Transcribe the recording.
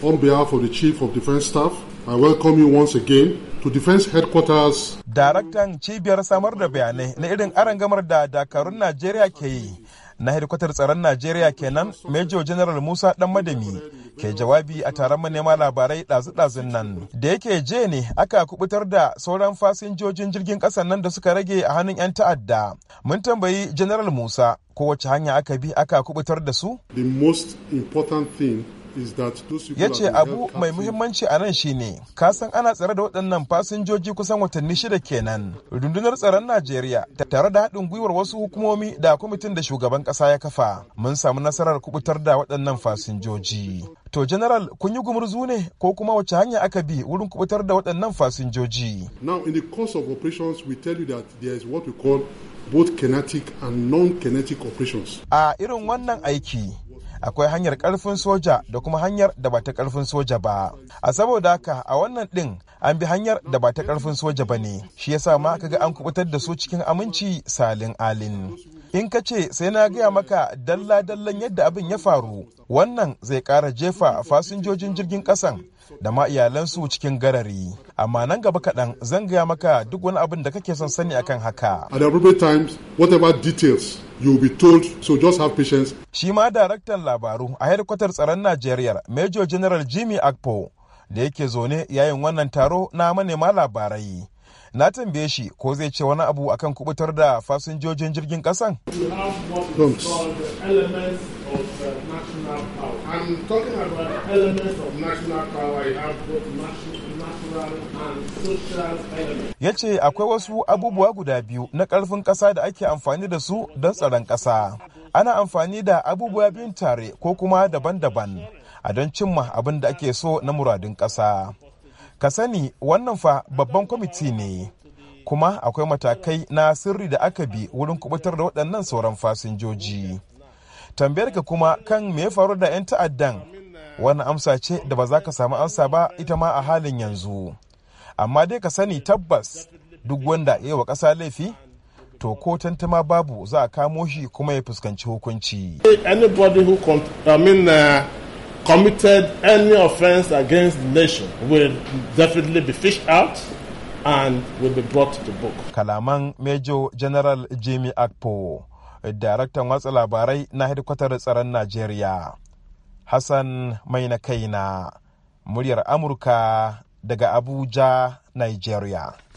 On behalf of the Chief of Defense Staff, I welcome you once again to Defense Headquarters. Daraktan cibiyar samar da bayanai na irin arangamar da dakarun Najeriya ke yi na hedikwatar tsaron Najeriya kenan Major General Musa Dan Madami ke jawabi a taron manema labarai ɗazu-ɗazun nan. Da yake je ne aka kubutar da sauran fasinjojin jirgin ƙasar nan da suka rage a hannun 'yan ta'adda. Mun tambayi General Musa kowace hanya aka bi aka kubutar da su? The most important thing ya ce abu mai muhimmanci a nan shine san ana tsare da waɗannan fasinjoji kusan watanni shida kenan rundunar tsaron najeriya tare da haɗin gwiwar wasu hukumomi da kwamitin da shugaban ƙasa ya kafa mun samu nasarar kubutar da waɗannan fasinjoji To general kun yi gumurzu ne ko kuma wace hanya aka bi wurin kubutar da waɗannan fasinjoji? Now in the course of operations we tell you that there is what we call both kinetic and non-kinetic operations. A irin wannan aiki akwai hanyar karfin soja da kuma hanyar da ba ta karfin soja ba a saboda haka a wannan din an bi hanyar da ba ta karfin soja ba ne shi yasa ma kaga an kubutar da su cikin aminci salin alin in ka ce sai na gaya maka dalla-dallan yadda abin ya faru wannan zai ƙara jefa fasinjojin jirgin ƙasan da ma iyalansu cikin garari amma nan gaba kaɗan zan gaya maka duk wani abin da kake son sani akan haka at appropriate times whatever details you be told so just have patience shi ma daraktan labaru a hedkwatar tsaron najeriya major general jimmy akpo da yake zaune yayin wannan taro na manema labarai na tambaye shi ko zai ce wani abu akan kubutar da fasinjojin jirgin kasan ya ce akwai wasu abubuwa guda biyu na ƙarfin ƙasa da ake amfani da su don tsaron ƙasa ana amfani da abubuwa biyun tare ko kuma daban-daban a don cimma abin da ake so na muradin ƙasa ka sani wannan fa babban kwamiti ne kuma akwai matakai na sirri da aka bi wurin kubutar da waɗannan sauran fasinjoji tambayar ka kuma kan me ya faru da 'yan ta'addan wannan amsa ce da ba za ka samu amsa ba ita ma a halin yanzu amma dai ka sani tabbas duk wanda ya wa ƙasa laifi to ko tantama babu za a kamo shi kuma ya fuskanci hukunci. committed any offense against the nation will definitely be fished out and will be brought to book. Kalaman Major General Jimmy Akpo, Director watsa labarai na hedikwatar tsaron Najeriya. Hassan mai na kaina, muryar Amurka daga Abuja, Nigeria.